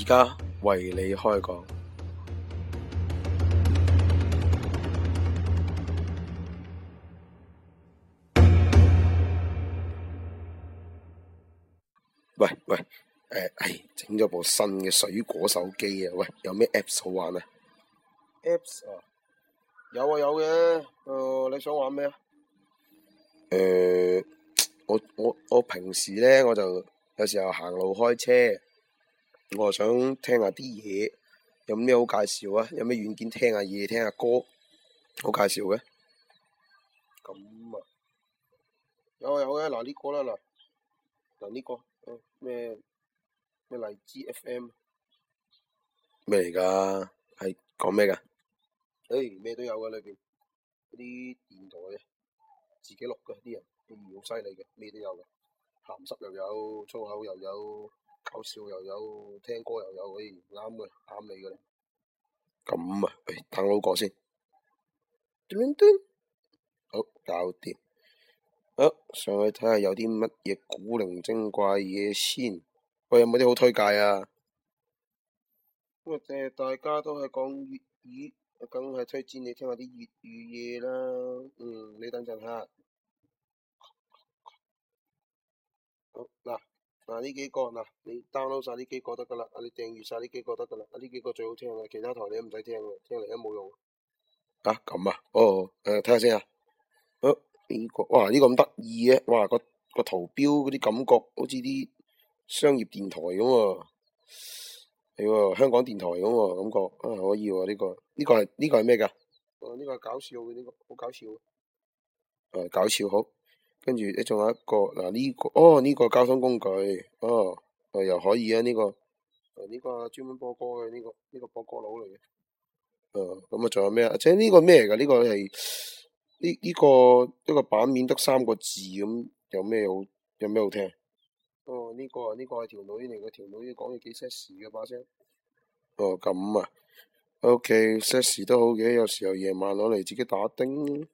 而家為你開講。喂喂，誒，整咗部新嘅水果手機啊！喂，有咩 apps 好玩啊？Apps 啊，有啊有嘅、啊。誒、呃，你想玩咩啊？誒、呃，我我我平時咧，我就有時候行路開車。我想聽下啲嘢，有咩好介紹啊？有咩軟件聽下嘢，聽下歌，好介紹嘅？咁啊，有啊有啊。嗱呢個啦、啊，嗱嗱呢個、啊，咩咩、啊、荔枝 FM，咩、啊、嚟噶？係講咩噶？誒，咩、哎、都有嘅裏邊，嗰啲電台啊，自己錄嘅啲人，啲人好犀利嘅，咩都有嘅、啊，鹹濕又有，粗口又有。好笑又有聽歌又有，啱嘅啱你嘅咧。咁啊、嗯，誒，等老過先。嘟嘟好，搞掂。啊、嗯，上去睇下有啲乜嘢古靈精怪嘢先。喂，有冇啲好推介啊？我哋、嗯呃、大家都係講粵語，梗係推薦你聽下啲粵語嘢啦。嗯，你等陣吓。好嗱。嗱呢、啊、幾個嗱、啊，你 download 晒呢幾個得噶啦，你訂閱晒呢幾個得噶啦，呢幾個最好聽啦，其他台你都唔使聽嘅，聽嚟都冇用啊。啊咁啊，哦，誒睇下先啊，呢、啊呢個，哇呢個咁得意嘅，哇個個圖標嗰啲感覺好似啲商業電台咁喎、啊，係、啊、香港電台咁喎、啊、感覺，啊可以喎呢個，呢、呢個係呢、呢個係咩噶？哦呢、啊呢個係搞笑嘅呢、呢個，好搞笑。誒、啊、搞笑好。跟住，一、欸、仲有一個嗱呢、啊這個哦呢、這個交通工具，哦，呃、又可以啊呢、這個，誒呢、啊這個專門播歌嘅呢、這個呢、這個播歌佬嚟嘅，誒咁啊仲有咩啊？即係、這、呢個咩噶？呢、這個係呢呢個一、這個版面得三個字咁、嗯，有咩好，有咩好聽？哦呢、這個呢、這個係條女嚟，嘅，條女講嘢幾 sexy 嘅把聲。哦咁啊，OK，sexy 都好嘅，有時候夜晚攞嚟自己打釘，誒、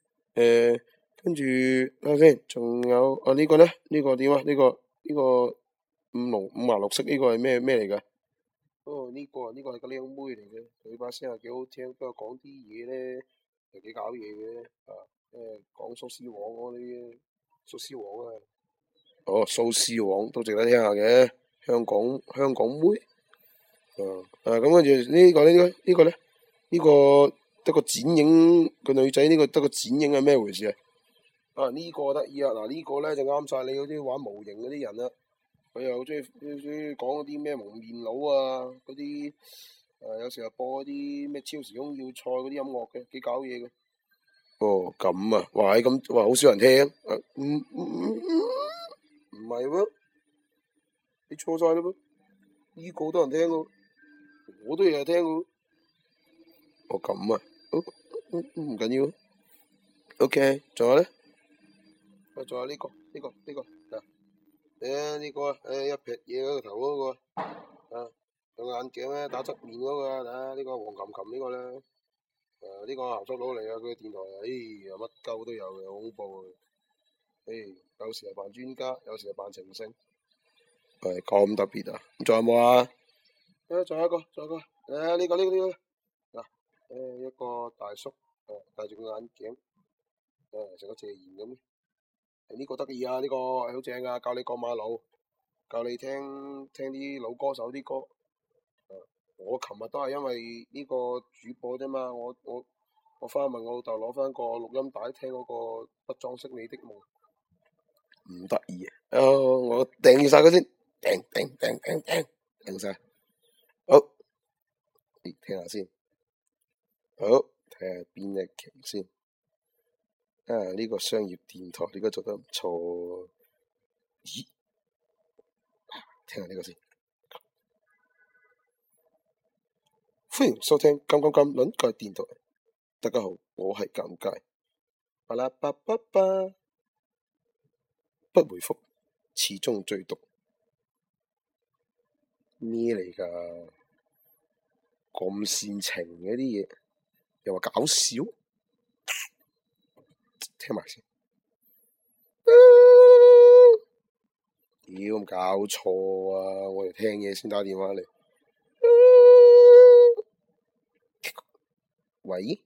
呃。跟住睇下先，仲有啊呢個咧？呢個點啊？呢、這個呢、這個五龍五顏六色呢個係咩咩嚟嘅？這個、哦，呢、這個呢、這個係個靚妹嚟嘅，佢把聲係幾好聽，不過講啲嘢咧係幾搞嘢嘅啊！誒，講《蘇絲黃》嗰啲《蘇絲黃》啊。嗯、思思哦，《蘇絲黃》都值得聽下嘅，香港香港妹。啊、嗯、啊！咁跟住呢、這個呢、這個呢、這個咧？呢、這個個，這個得個剪影個女仔，呢個得個剪影係咩回事啊？啊呢個得意啊！嗱、這、呢個咧就啱晒、這個、你嗰啲玩模型嗰啲人啦。佢又好中意中意講嗰啲咩蒙面佬啊嗰啲。誒、啊，有時候播嗰啲咩超時空要塞嗰啲音樂嘅，幾搞嘢嘅。哦，咁啊，喂，咁哇，好少人聽。唔係喎，你錯晒咯噃。呢、這個多人聽噶，我都有聽噶。哦，咁啊，唔緊要。OK，仲有咧？啊！仲有呢個呢個呢個嗱，誒，呢個誒，一撇嘢嗰個頭嗰個，啊有眼鏡咧打側面嗰個啦，呢個黃琴琴呢個啦，誒，呢個鹹叔佬嚟噶，佢電台誒，又乜鳩都有，又恐怖嘅，誒有時又扮專家，有時又扮情聖，係咁特別啊！咁仲有冇啊？誒，仲有一個，仲有一個，誒呢個呢個呢個，嗱，誒一個大叔，誒戴住個眼鏡，誒成個謝賢咁嘅。呢個得意啊！呢個好正啊，教你過馬路，教你聽聽啲老歌手啲歌。呃、我琴日都係因為呢個主播啫嘛，我我我翻去問我老豆攞翻個錄音帶聽嗰個不裝飾你的夢。唔得意啊、哦！我訂晒佢先，訂訂訂訂訂訂晒。好，你聽下先。好，睇下邊隻劇先。啊！呢、這個商業電台，呢、這個做得唔錯、啊。咦？聽下呢個先。歡迎收聽《金金金》輪界電台。大家好，我係金界。啦啦叭叭叭，不回覆，始終最毒。咩嚟㗎？咁煽情嘅啲嘢，又話搞笑。聽埋先，屌、哎，搞錯啊！我哋聽嘢先，打電話嚟。喂、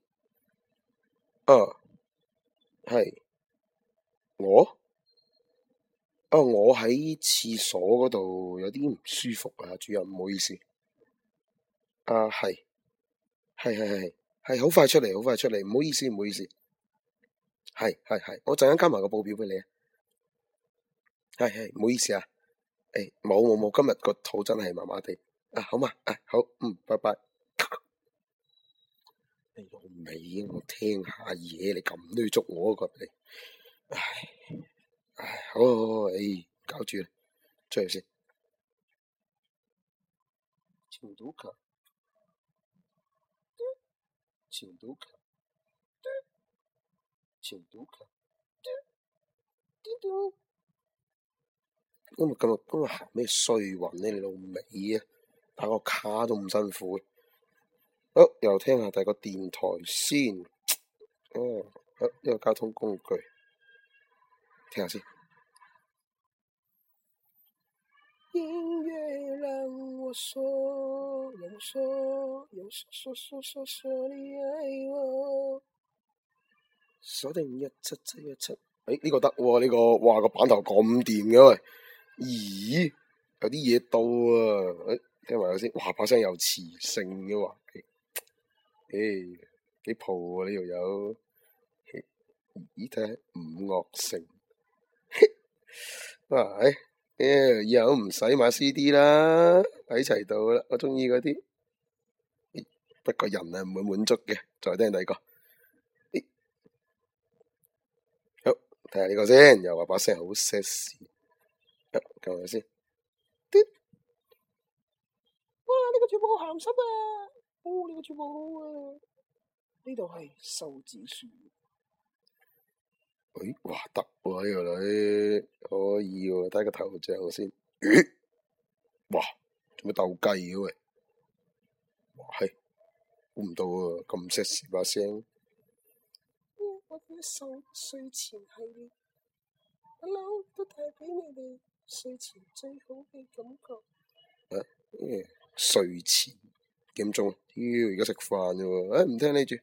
哎，啊，係我，啊，我喺廁所嗰度有啲唔舒服啊，主任，唔好意思。啊，係，係係係係，好快出嚟，好快出嚟，唔好意思，唔好意思。係係係，我陣間加埋個報表俾你啊！係係，唔好意思啊，誒，冇冇冇，今日個肚真係麻麻地，啊好嘛，啊好，嗯，拜拜。你老味，我聽下嘢，你咁都要捉我啊，佢哋，唉唉，好好好，哎，搞住啦，出去先。成都卡，都，成都卡。點點？今日今日行咩衰運咧？老尾啊，打個卡都唔辛苦。好、哦，又聽下第二個電台先。哦，一個交通工具，聽下先。音鎖定一七七一七，哎、這、呢個得喎呢個，哇、這個版頭咁掂嘅喂，咦有啲嘢到啊，哎、聽埋佢先，哇把聲有磁性嘅喎，嘿幾鋪啊呢度有，咦睇下五樂城，哇哎又唔使買 CD 啦，喺齊到啦，我中意嗰啲，不過人係唔會滿足嘅，再聽第二個。睇下呢個看看先，又話把聲好 sexy，咁樣先。啲，哇呢個全部好鹹濕啊！哦呢、這個全部好啊，呢度係壽字樹。誒、欸，哇得喎，呢個女，可以喎、啊，睇、這個、啊、睇頭像先。咦，哇， 做咩鬥雞嘅喂？哇係、啊，估唔到啊，咁 sexy 把聲。睡前系列，hello，都帶俾你哋睡前最好嘅感覺。睡、啊、前幾點鐘？妖而家食飯喎，誒、啊，唔聽你住，誒、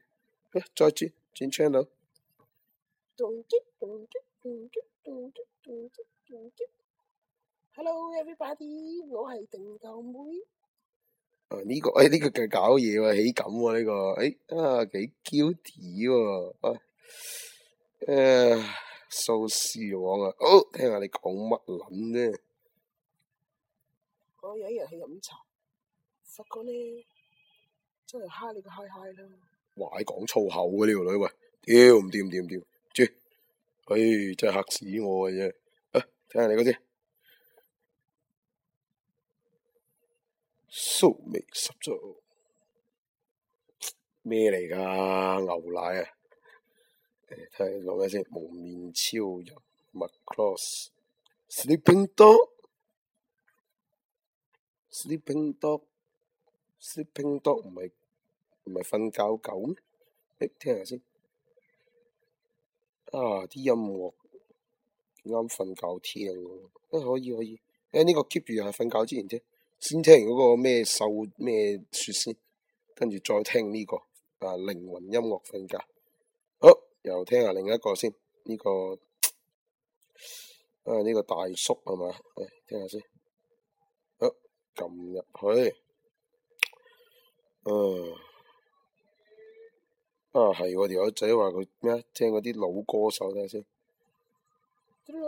啊，再轉，轉 channel。hello everybody，我係定球妹。呢個誒，呢個計搞嘢喎，喜感喎呢個，誒、哎這個、啊，幾嬌啲喎。哎啊唉，壽司王啊，哦，聽下你講乜捻啫？我有一日去飲茶，十個呢，真係蝦你個嗨嗨啦！哇，你講粗口嘅呢條女喂，屌唔掂唔掂唔掂，住，唉真係吓死我嘅啊，聽下你嗰啲蘇味十足，咩嚟噶？牛奶啊！睇下攞咩先？蒙面超人，Macross，Sleeping Dog，Sleeping Dog，Sleeping Dog 唔係唔係瞓覺狗咩？誒、欸、聽下先。啊啲音樂啱瞓覺聽、啊，可以可以。因、啊、呢、這個 keep 住係瞓覺之前啫，先聽完嗰個咩秀咩說先，跟住再聽呢、這個啊靈魂音樂瞓覺。又聽下另一個先，呢、這個啊呢、這個大叔係嘛？誒，聽下先，哦、啊，撳入去，嗯、啊，啊係，我條友仔話佢咩啊？聽嗰啲老歌手先聽下先。大家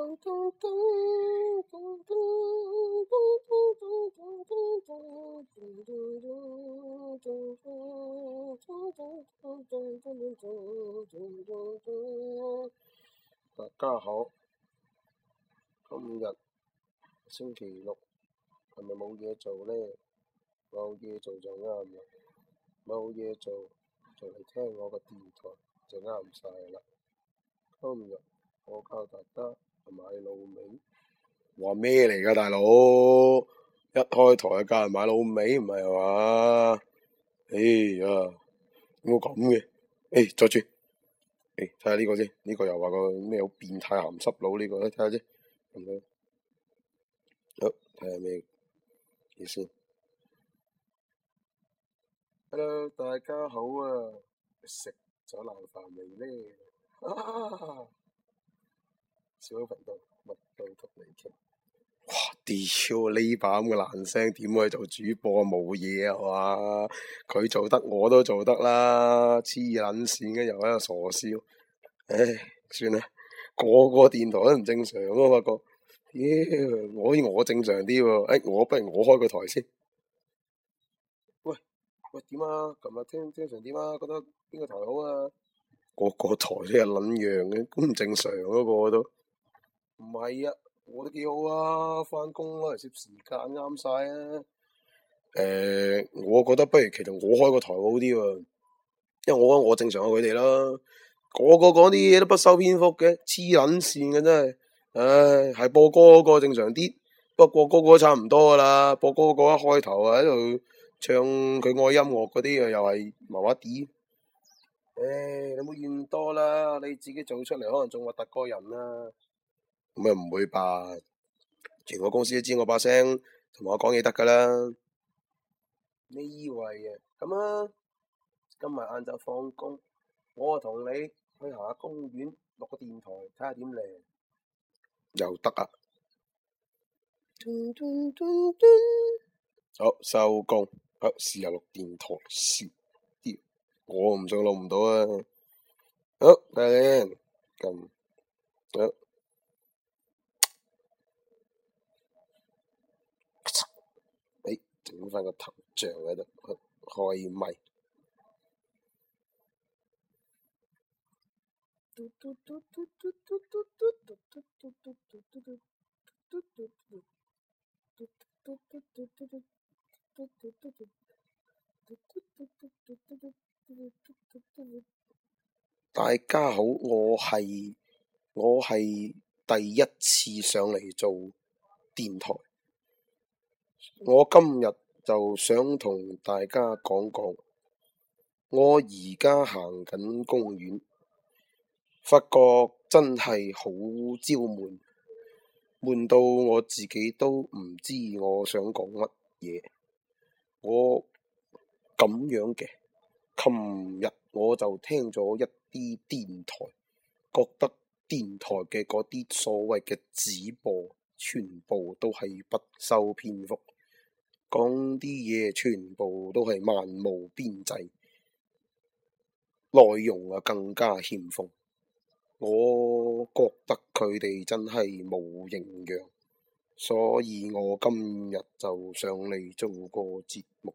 好，今日星期六，係咪冇嘢做咧？冇嘢做就啱啦，冇嘢做就嚟聽我個電台就啱晒啦。今日我教大家，買卤味，話咩嚟㗎？大佬一開台就教人買卤味，唔係話？哎、欸、呀，有冇咁嘅？哎、欸，再轉，哎、欸，睇下呢個先，呢、這個又話個咩好變態咸濕佬呢個，睇下先。咁、嗯、好，睇下咩意思？Hello，大家好啊！食咗爛飯未咧？啊！小黑頻道，乜都同你傾。哇！屌，呢把咁嘅難聲，點可以做主播？冇嘢啊嘛，佢做得我都做得啦，黐撚線嘅又喺度傻笑。唉，算啦，個個電台都唔正常咯、啊。發覺，屌，我可以我正常啲喎、啊。哎、欸，我不如我開個台先。喂喂，點啊？琴日聽聽上點啊？覺得邊個台好啊？個個台都係撚樣嘅、啊，咁唔正常嗰、啊、個、個都。唔係啊，我都幾好啊，翻工咯，接時間啱晒啊。誒、欸，我覺得不如其實我開個台好啲喎、啊，因為我覺得我正常佢哋啦。個個講啲嘢都不修邊幅嘅，黐捻線嘅真係。唉，係播歌歌正常啲，不過播歌差唔多噶啦。播歌歌一開頭啊喺度唱佢愛音樂嗰啲啊，又係麻麻地。唉、欸，你冇怨多啦，你自己做出嚟可能仲核突過人啦、啊。咁又唔會吧？全個公司都知我把聲同埋我講嘢得㗎啦。你以為啊？咁啊，今日晏晝放工，我同你去行下公園，落個電台睇下點靚。看看又得啊！好收工，好試下落電、啊、台笑！啲，我唔信錄唔到啊！好、啊，睇下撳咁！啊整翻個頭像喺度，開麥。大家好，我係我係第一次上嚟做電台。我今日就想同大家講講，我而家行緊公園，發覺真係好焦悶，悶到我自己都唔知我想講乜嘢。我咁樣嘅，琴日我就聽咗一啲電台，覺得電台嘅嗰啲所謂嘅直播，全部都係不受篇幅。講啲嘢全部都係漫無邊際，內容啊更加欠奉，我覺得佢哋真係冇營養，所以我今日就上嚟做個節目。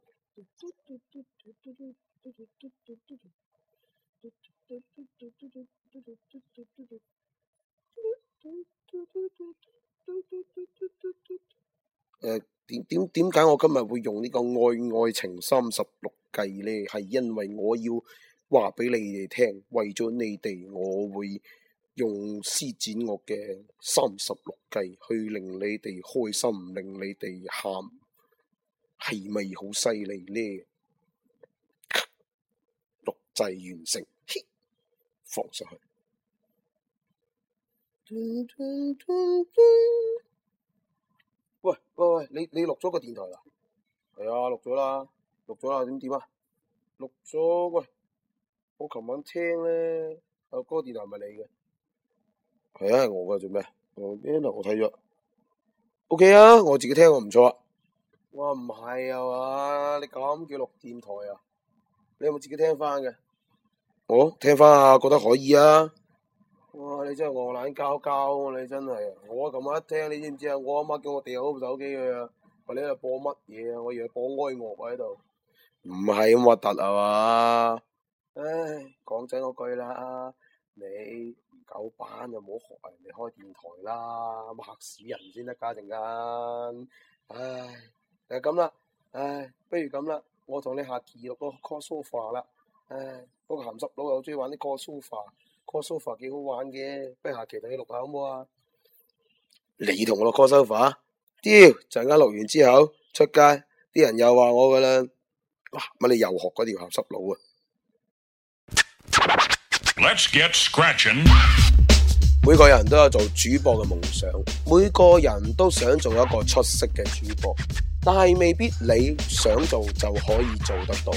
點解我今日會用呢個愛愛情三十六計呢？係因為我要話俾你哋聽，為咗你哋，我會用施展我嘅三十六計，去令你哋開心，令你哋喊，係咪好犀利呢？呃、錄製完成，放上去。叮叮叮叮叮喂喂喂，你你錄咗個電台啦？係啊，錄咗啦，錄咗啦，點點啊？錄咗喂，我琴晚聽咧，啊，嗰個電台唔係你嘅？係啊，係我嘅做咩我邊度？我睇咗。O、OK、K 啊，我自己聽過唔錯啊。哇，唔係啊嘛，你咁叫錄電台啊？你有冇自己聽翻嘅？我、哦、聽翻啊，覺得可以啊。哇！你真係餓懶交交，我你真係。我琴晚一聽，你知唔知啊？我阿媽叫我掉開部手機佢啊，話你喺度播乜嘢啊？我以為播哀樂喺度。唔係咁核突啊嘛？唉，講真嗰句啦，你唔夠班就冇學人哋開電台啦，嚇死人先得㗎，陣間？唉，就咁啦。唉，不如咁啦，我同你下第二個 cosplay 啦。唉，嗰個鹹濕佬又中意玩啲 cosplay coser 幾好玩嘅，不如、so、下期俾你錄下好唔好啊？你同我 Sofa 屌，陣間錄完之後出街，啲人又話我噶啦。哇，乜你又學嗰條鹹濕佬啊？Let's get scratching。每個人都有做主播嘅夢想，每個人都想做一個出色嘅主播，但係未必你想做就可以做得到。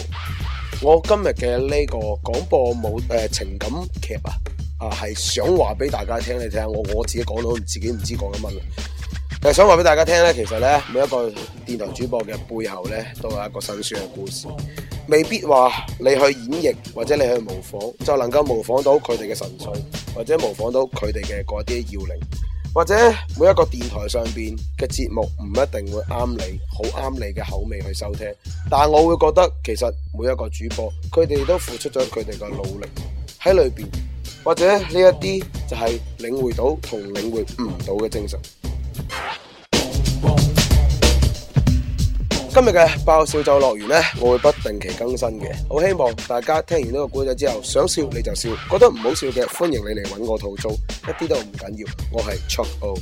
我今日嘅呢個廣播舞誒、呃、情感劇啊啊，係想話俾大家聽，你聽下我我自己講到自己唔知講緊乜啦，又、呃、想話俾大家聽咧，其實咧，每一個電台主播嘅背後咧，都有一個辛酸嘅故事，未必話你去演繹或者你去模仿就能夠模仿到佢哋嘅神髓或者模仿到佢哋嘅嗰啲要領。或者每一個電台上邊嘅節目唔一定會啱你，好啱你嘅口味去收聽，但我會覺得其實每一個主播佢哋都付出咗佢哋嘅努力喺裏面。或者呢一啲就係領會到同領會唔到嘅精神。今日嘅爆笑就樂園呢，我會不定期更新嘅。我希望大家聽完呢個故事之後，想笑你就笑，覺得唔好笑嘅，歡迎你嚟搵我吐槽，一啲都唔緊要。我係卓浩。